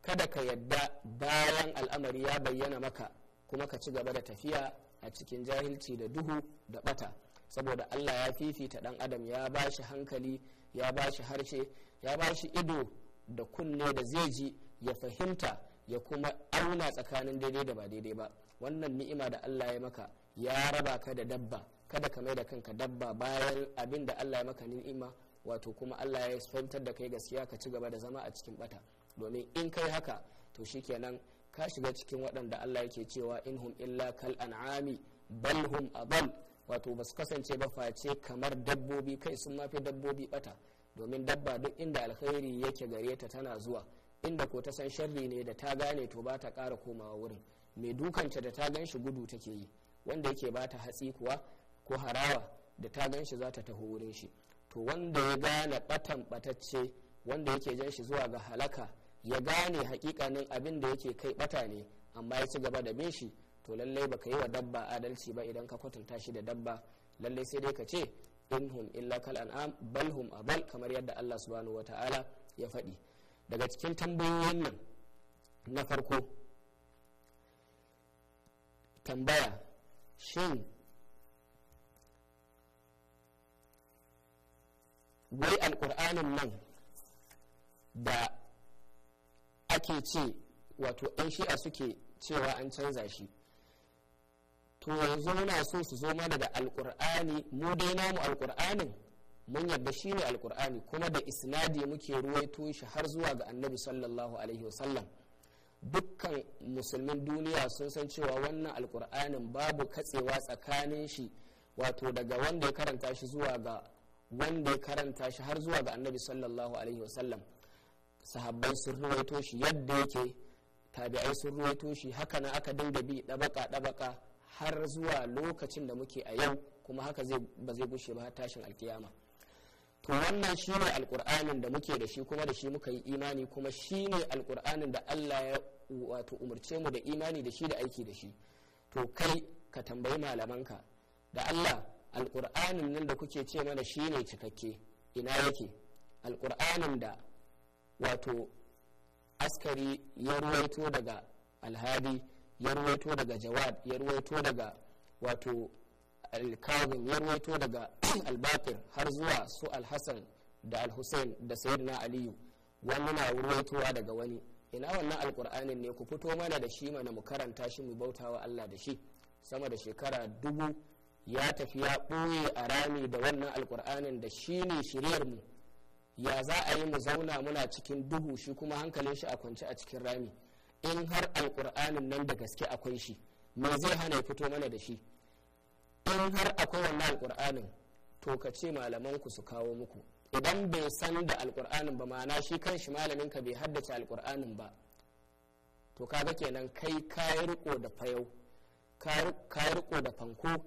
kada ka yadda bayan al'amari ya bayyana maka kuma ka ci gaba da tafiya a cikin jahilci da duhu da bata saboda allah ya fifita dan adam ya ba shi hankali ya ba shi harshe ya ba shi ido da kunne da zai ji ya fahimta ya kuma auna tsakanin daidai da ba daidai ba wannan ni'ima da allah ya maka ya raba ka da dabba kada ka mai da kanka dabba bayan abin da allah ya maka ni'ima wato kuma allah ya fahimtar da kai gaskiya ka ci gaba da zama a cikin bata domin in kai haka to shikenan ka shiga cikin waɗanda allah yake cewa inhum illa kal an'ami bal hum abal wato ba su kasance ba face kamar dabbobi kai sun mafi dabbobi bata domin dabba duk inda alkhairi yake gare ta tana zuwa inda ko ta san sharri ne da ta gane to ba ta ƙara komawa wurin mai dukanta da ta gan shi gudu take yi wanda yake ba ta hatsi kuwa ko harawa da ta gan shi za ta taho wurin shi to wanda ya gane batan batacce wanda yake jan shi zuwa ga halaka ya gane hakikanin abin da yake kai bata ne amma ya ci gaba da bin shi to lallai baka yi wa dabba adalci ba idan ka kwatanta shi da dabba lallai sai dai ka ce in illa kal an'am bal hum abal kamar yadda Allah subhanahu wataala ya faɗi daga cikin tambayoyin nan na farko tambaya shin wai alƙur'anin nan da ake ce wato 'yan shi'a suke cewa an canza shi to yanzu muna so su zo mana da alkur'ani mu dai namu alkur'anin mun yadda shi ne alkur'ani kuma da isnadi muke ruwaito shi har zuwa ga annabi sallallahu alaihi wasallam dukkan musulmin duniya sun san cewa wannan alkur'anin babu katsewa tsakanin shi wato daga wanda ya karanta shi zuwa ga wanda ya karanta shi har zuwa ga annabi sallallahu alaihi wasallam sahabbai sun ruwaito shi yadda yake tabi'ai sun ruwaito shi haka na aka dinga bi ɗabaka dabaka har zuwa lokacin da muke a yau kuma haka ba zai gushe ba tashin alkiyama to wannan shi ne alkur'anin da muke da shi kuma da shi muka yi imani kuma shi ne alkur'anin da allah ya wato umarce mu da imani da shi da aiki da shi to kai ka tambayi malamanka da allah alkur'anin nan da kuke ce mana shi ne cikakke ina yake alkur'anin da wato askari ya ruwaito daga alhadi ya ruwaito daga jawad ya ruwaito daga wato alkazim ya ruwaito daga albakir har zuwa su alhassan da alhussein da sayyidina aliyu wani na ruwaitowa daga wani ina wannan alkur'anin ne ku fito mana da shi mana mu karanta shi mu bautawa allah da shi sama da shekara dubu ya tafi ya ɓoye a rami da wannan alkur'anin da shi ne mu ya za a yi mu zauna muna cikin duhu shi kuma hankalin shi a kwance a cikin rami in har alkur'anin nan da gaske akwai shi me zai hana ya fito mana da shi in har akwai wannan alkur'anin to ka ce malamanku su kawo muku idan bai san da alkur'anin ba ma'ana shi kan shi malamin ka bai haddace alkur'anin ba to kaga kenan kai ka riko da fayau ka riko da fanko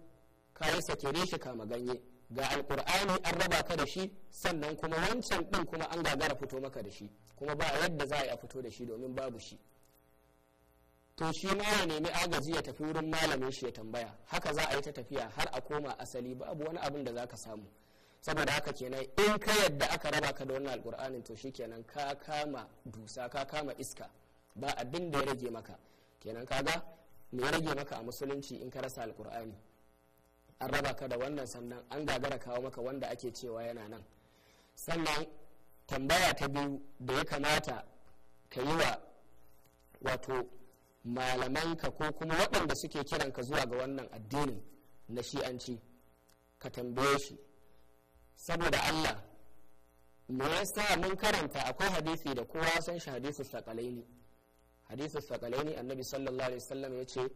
ka yi sakere shi kama ganye ga alkur'ani an raba ka da shi sannan kuma wancan din kuma an gagara fito maka da shi kuma ba yadda za a fito da shi domin babu shi to shi ma ya nemi agaji ya tafi wurin malamin shi ya tambaya haka za a yi ta tafiya har a koma asali babu wani abin da za ka samu saboda haka kenan in ka yadda aka raba ka da wannan alkur'anin to shikenan ka kama dusa ka kama iska ba abin da ya rage maka kenan kaga me ya rage maka a musulunci in ka rasa alkur'ani an raba ka da wannan sannan an gagara kawo maka wanda ake cewa yana nan sannan tambaya ta biyu da ya kamata ka yi wa wato ka ko kuma waɗanda suke kiranka zuwa ga wannan addinin na shi'anci ka tambaye shi saboda allah me yasa mun karanta akwai hadisi da kowa san shi hadisi sakalaini hadisi sakalaini annabi sallallahu alaihi wasallam ya ce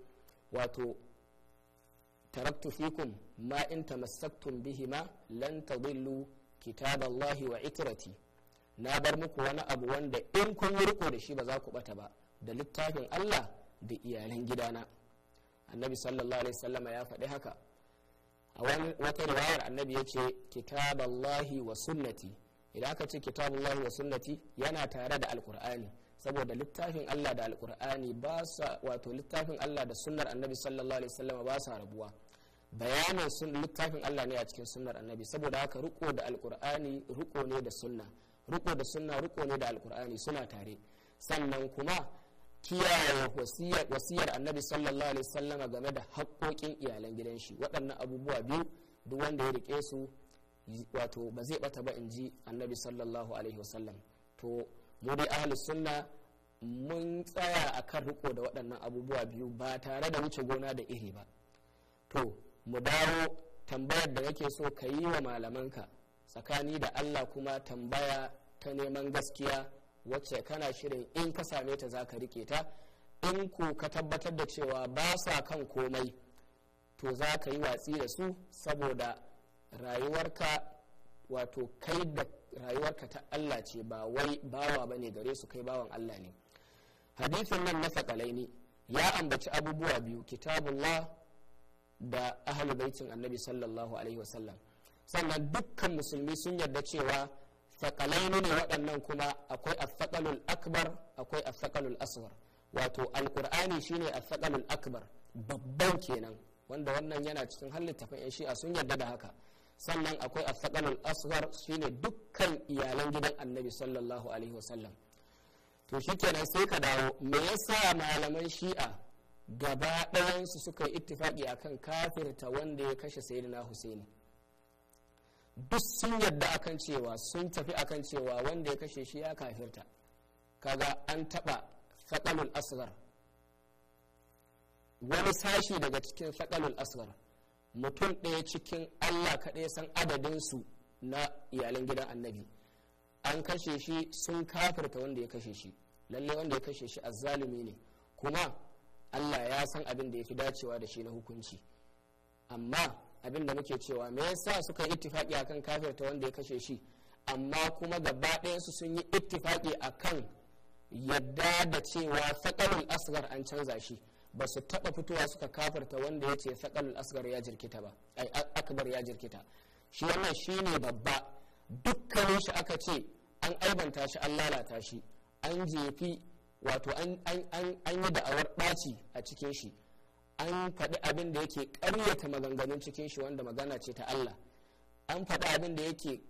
wato taraktu fikum ma in tamassaktum bihima lan tadillu kitaballahi wa itrati na bar muku wani abu wanda in kun yi riko da shi ba za ku bata ba da littafin Allah da iyalan gidana annabi sallallahu alaihi wasallama ya faɗi haka a wani wata riwayar annabi ya ce kitaballahi wa sunnati idan aka ce kitaballahi wa sunnati yana tare da alkur'ani saboda littafin Allah da alkur'ani ba sa wato littafin Allah da sunnar annabi sallallahu alaihi wasallama ba sa rabuwa bayanin sun littafin Allah ne a cikin sunnar annabi saboda haka ruko da alkur'ani ruko ne da sunna ruko da sunna ruko ne da alkur'ani suna tare sannan kuma kiyaye wasiyar annabi sallallahu alaihi sallama game da haƙoƙin iyalan gidan shi waɗannan abubuwa biyu duk wanda ya rike su wato ba zai bata ba in ji annabi sallallahu alaihi wasallam to mu dai ahlus sunna mun tsaya akan riko da waɗannan abubuwa biyu ba tare da wuce gona da iri ba to mu dawo tambayar da kake so ka yi wa malamanka tsakani da allah kuma tambaya ta neman gaskiya wacce kana shirin in ka same ta za ka rike ta in ku ka tabbatar da cewa ba sa kan komai to za ka yi watsi da su saboda rayuwarka wato kai da rayuwarka ta Allah ce ba wai bawa ba ne gare su kai bawan Allah ne hadisin nan na sakalaini ya ambaci abubuwa biyu kitabullah da ahlul baitin annabi sallallahu alaihi wasallam sannan dukkan musulmi sun yarda cewa sakalai ne waɗannan kuma akwai asakalul akbar akwai asakalul aswar wato alkur'ani shine asakalul akbar babban kenan wanda wannan yana cikin halittafin yan shi'a sun yarda da haka sannan akwai asakalul aswar shine dukkan iyalan gidan annabi sallallahu alaihi wasallam to shikenan sai ka dawo me yasa malaman shi'a gaba ɗayansu suka yi ittifaki akan kafirta wanda ya kashe sayyidina husaini duk sun yadda akan cewa sun tafi akan cewa wanda ya kashe shi ya kafirta kaga an taba faɗalul asgar wani sashi daga cikin faɗalul asgar mutum ɗaya cikin allah kaɗai san adadinsu na iyalan gidan annabi an kashe shi sun kafirta wanda ya kashe shi lalle wanda ya kashe shi azzalumi ne kuma allah ya san abin da ya fi dacewa da shi na hukunci amma abin da muke cewa me yasa suka yi ittifaki akan kafirta wanda ya kashe shi amma kuma gaba su sun yi ittifaki akan yadda da cewa sakalin asgar an canza shi ba su taba fitowa suka kafirta wanda ya ce sakalul asgar ya jirkita ba ai akbar ya jirkita shi wannan shine babba dukkanin shi aka ce an aibanta shi an lalata shi an jefi wato an yi da'awar ɓaci a cikin shi an faɗi abin da yake ƙaryata maganganun cikin shi wanda magana ce ta Allah an faɗi abin da yake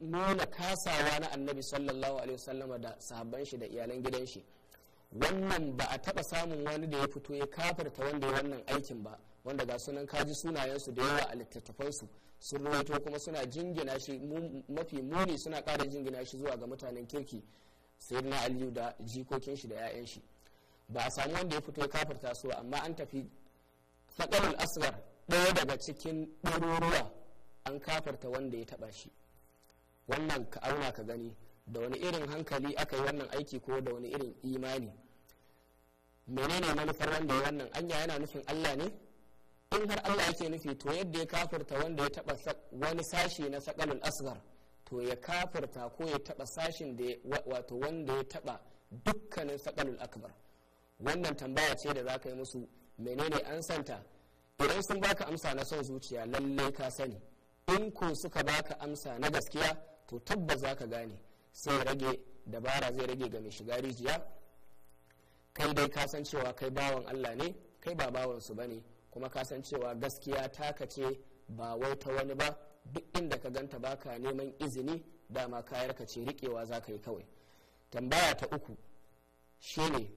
nuna kasawa na annabi sallallahu alaihi wasallama da sahabban shi da iyalan gidan shi wannan ba a taɓa samun wani da ya fito ya kafarta wanda ya wannan aikin ba wanda ga sunan kaji sunayensu da yawa a littattafansu sun rawaito kuma suna jingina shi mafi muni suna ƙara jingina shi zuwa ga mutanen kirki na aliyu da jikokin shi da 'ya'yan shi ba a samu wanda ya fito ya kafarta su amma an tafi saƙarul asgar ɗaya daga cikin ɗaruruwa an kafarta wanda ya taɓa shi wannan ka auna ka gani da wani irin hankali aka yi wannan aiki ko da wani irin imani menene manufar wanda ya wannan anya yana nufin allah ne in har allah yake nufi to yadda ya kafarta wanda ya taɓa wani sashi na saƙalul asgar to ya kafarta ko ya taɓa sashin da wato wanda ya taɓa dukkanin saƙalul akbar wannan tambaya ce da za ka yi musu menene an santa idan sun baka amsa na son zuciya lallai ka sani in ko suka baka amsa na gaskiya to tabbas za ka gane sai rage dabara zai rage ga mai shiga rijiya kai dai ka san cewa kai bawan allah ne kai ba bawan su bane kuma ka san cewa gaskiya taka ce ba wai ta wani ba duk inda ka ganta baka neman izini dama kayar ka ce rikewa za ka yi kawai tambaya ta uku shine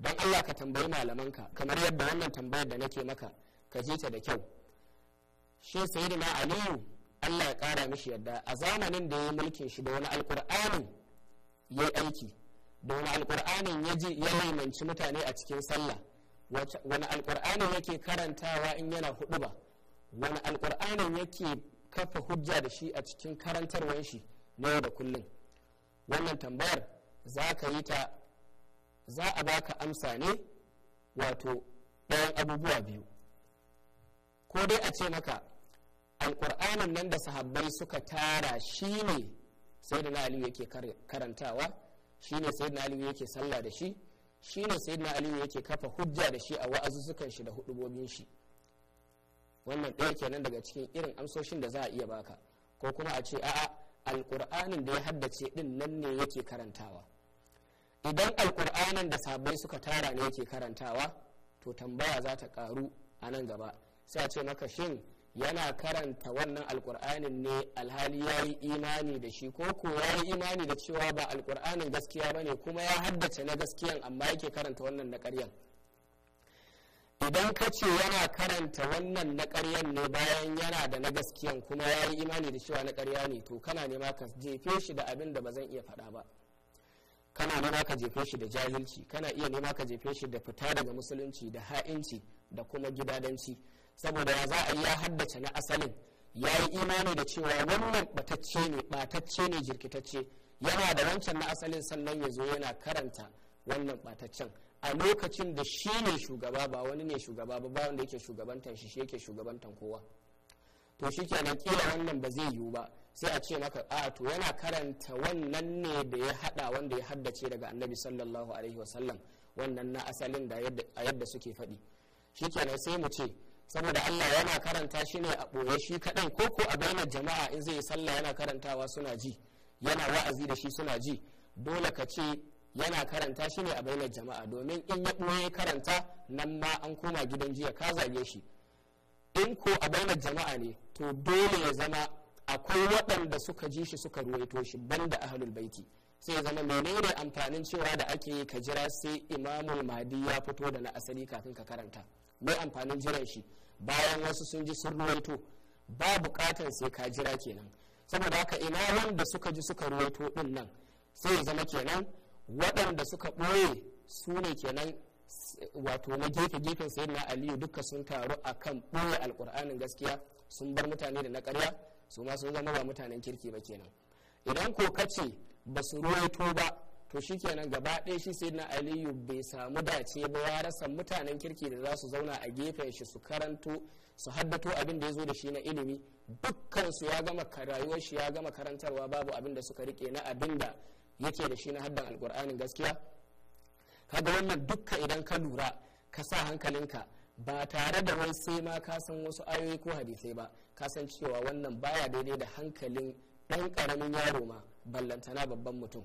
don allah ka tambayi malamanka kamar yadda wannan tambayar da nake maka ka je ta da kyau shi sayyidina aliyu allah ya kara mishi yadda a zamanin da ya mulkin shi da wani alkur'anin ya yi aiki da wani alkur'anin ya ji ya laimanci mutane a cikin sallah wani alkur'anin yake karantawa in yana ba? wani alkur'anin yake kafa hujja da shi a cikin karantarwar shi na yau da kullum wannan tambayar za ka yi ta za a baka amsa ne wato ɗayan abubuwa biyu ko dai a ce maka alƙur'anin nan da sahabbai suka tara shi ne sai da aliyu yake karantawa shi ne sai da aliyu yake sallah da shi shi ne sai da aliyu yake kafa hujja da shi a wa'azuzzukan shi da hudubobin shi wannan ɗaya kenan daga cikin irin amsoshin da za a iya baka ko kuma a ce a'a alƙur'anin da ya haddace ɗin nan ne yake karantawa idan alkur'anin da sabai suka tara ne yake karantawa to tambaya za ta karu a nan gaba sai a ce maka shin yana karanta wannan alkur'anin ne alhali ya yi imani da shi ko ko ya yi imani da cewa ba alkur'anin gaskiya ba ne kuma ya haddace na gaskiyan amma yake karanta wannan na karyan idan ka ce yana karanta wannan na karyan ne bayan yana da na gaskiyan kuma ya yi imani da cewa na karya ne to kana nema ka jefe shi da abin da ba zan iya faɗa ba kana nema ka jefe shi da jahilci kana iya nema ka jefe shi da fita daga musulunci da ha'inci da kuma gidadanci saboda ya za a yi ya haddace na asalin ya yi imani da cewa wannan batacce ne batacce ne jirkitacce yana da wancan na asalin sannan ya zo yana karanta wannan bataccen a lokacin da shi ne shugaba ba wani ne shugaba ba ba wanda yake shugabantan shi shi yake shugabantan kowa to shi kenan kila wannan ba zai yiwu ba sai a ce maka a to yana karanta wannan ne da ya hada wanda ya haddace daga annabi sallallahu alaihi wasallam wannan na asalin da a yadda suke faɗi shi kenan sai mu ce saboda Allah yana karanta shi ne a ɓoye shi kaɗan ko ko a bainar jama'a in zai yi sallah yana karantawa suna ji yana wa'azi da shi suna ji dole ka ce yana karanta shi ne a bainar jama'a domin in ya ɓoye karanta nan ma an koma gidan jiya ka zage shi in ko a bainar jama'a ne to dole ya zama akwai waɗanda suka ji shi suka ruwaito shi banda ahlul baiti sai zama menene amfanin cewa da ake ka jira sai imamul mahdi ya fito da na asali kafin ka karanta me amfanin jiran shi bayan wasu sun ji sun ruwaito ba bukatar sai ka jira kenan saboda haka ina wanda suka ji suka ruwaito din nan sai zama kenan waɗanda suka ɓoye su ne kenan wato na gefe gefen sayyidina aliyu duka sun taru akan ɓoye alƙur'anin gaskiya sun bar mutane da na ƙarya su ma sun zama ba mutanen kirki ba kenan idan ko kace ba su ruwaito ba to shikenan gaba ɗaya shi sai na aliyu bai samu dace ba ya rasa mutanen kirki da za su zauna a gefen shi su karanto su haddato abin da ya zo da shi na ilimi dukkan su ya gama rayuwar shi ya gama karantarwa babu abin da suka rike na abin da yake da shi na haddan alkur'ani gaskiya kaga wannan dukka idan ka lura ka sa hankalinka ba tare da wai sai ma ka san wasu ayoyi ko hadisai ba kasan cewa wannan baya daidai da hankalin ɗan ƙaramin yaro ma ballantana babban mutum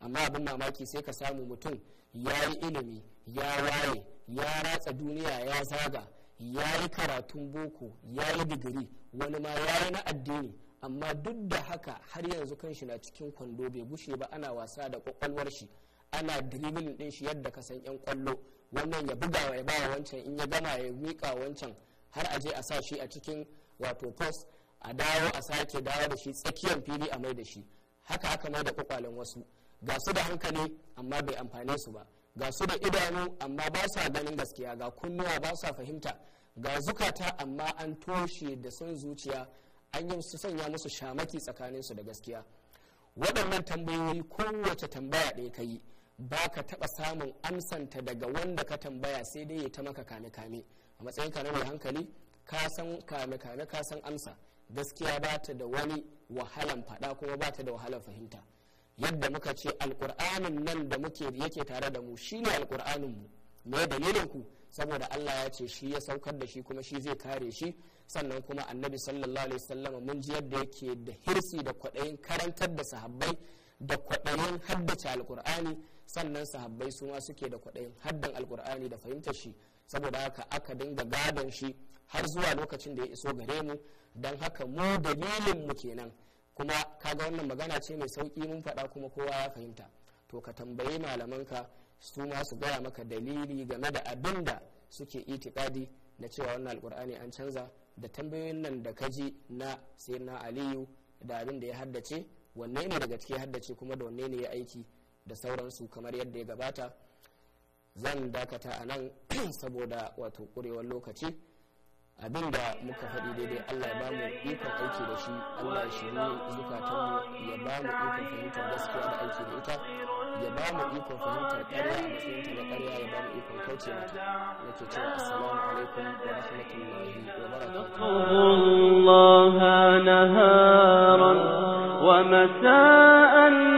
amma abin mamaki sai ka samu mutum ya yi ilimi ya waye ya ratsa duniya ya zaga ya yi karatun boko ya yi digiri wani ma ya yi na addini amma duk da haka har yanzu kanshi na cikin kwando bai gushe ba ana wasa da kwakwalwar shi ana dribbling din shi yadda ka san yan kwallo wannan ya buga ya ba wancan in ya gama ya miƙa wancan har a je a sa shi a cikin wato post a dawo a sake dawo da shi tsakiyar fili a mai da shi haka aka mai da kwakwalen wasu ga su da hankali amma bai amfane su ba ga su da idanu amma ba sa ganin gaskiya ga kunnuwa ba sa fahimta ga zukata amma an toshe da sun zuciya an yi su sanya musu shamaki tsakanin su da gaskiya waɗannan tambayoyi kowace tambaya ɗaya ka yi ba ka taɓa samun amsanta daga wanda ka tambaya sai dai ya ta maka kame kame a matsayin ka na mai hankali ka san kame kame ka san amsa gaskiya ba ta da wani wahalan faɗa kuma ba ta da wahalan fahimta yadda muka ce alkur'anin nan da muke yake tare da mu shine alkur'anin mu ne dalilin ku saboda Allah ya ce shi ya saukar da shi kuma shi zai kare shi sannan kuma annabi sallallahu alaihi wasallam mun ji yadda yake da hirsi da kwaɗayin karantar da sahabbai da kwaɗayin haddace alkur'ani sannan sahabbai su ma suke da kwaɗayin haddan alkur'ani da fahimtar shi saboda haka aka dinga gadon shi har zuwa lokacin da ya iso gare mu don haka mu dalilin mu kenan kuma ka ga wannan magana ce mai sauki mun faɗa kuma kowa ya fahimta to ka tambayi malamanka su ma su gaya maka dalili game da abin da suke itikadi da cewa wannan alkur'ani an canza da tambayoyin nan da kaji na sayyidina aliyu da abin da ya haddace wanne ne daga ciki haddace kuma da wanne ne ya aiki da sauransu kamar yadda ya gabata zan dakata a nan saboda wato kurewar lokaci abinda muka faɗi daidai Allah ya ba mu ikon aiki da shi Allah ya shiri mu ya ba mu ikon fahimtar gaskiya da aiki da ita ya ba mu ikon fahimtar ƙarya a matsayin ta da ƙarya ya ba mu ikon kauce mata ke cewa assalamu alaikum wa rahmatullahi wa barakatuh Allah naharan wa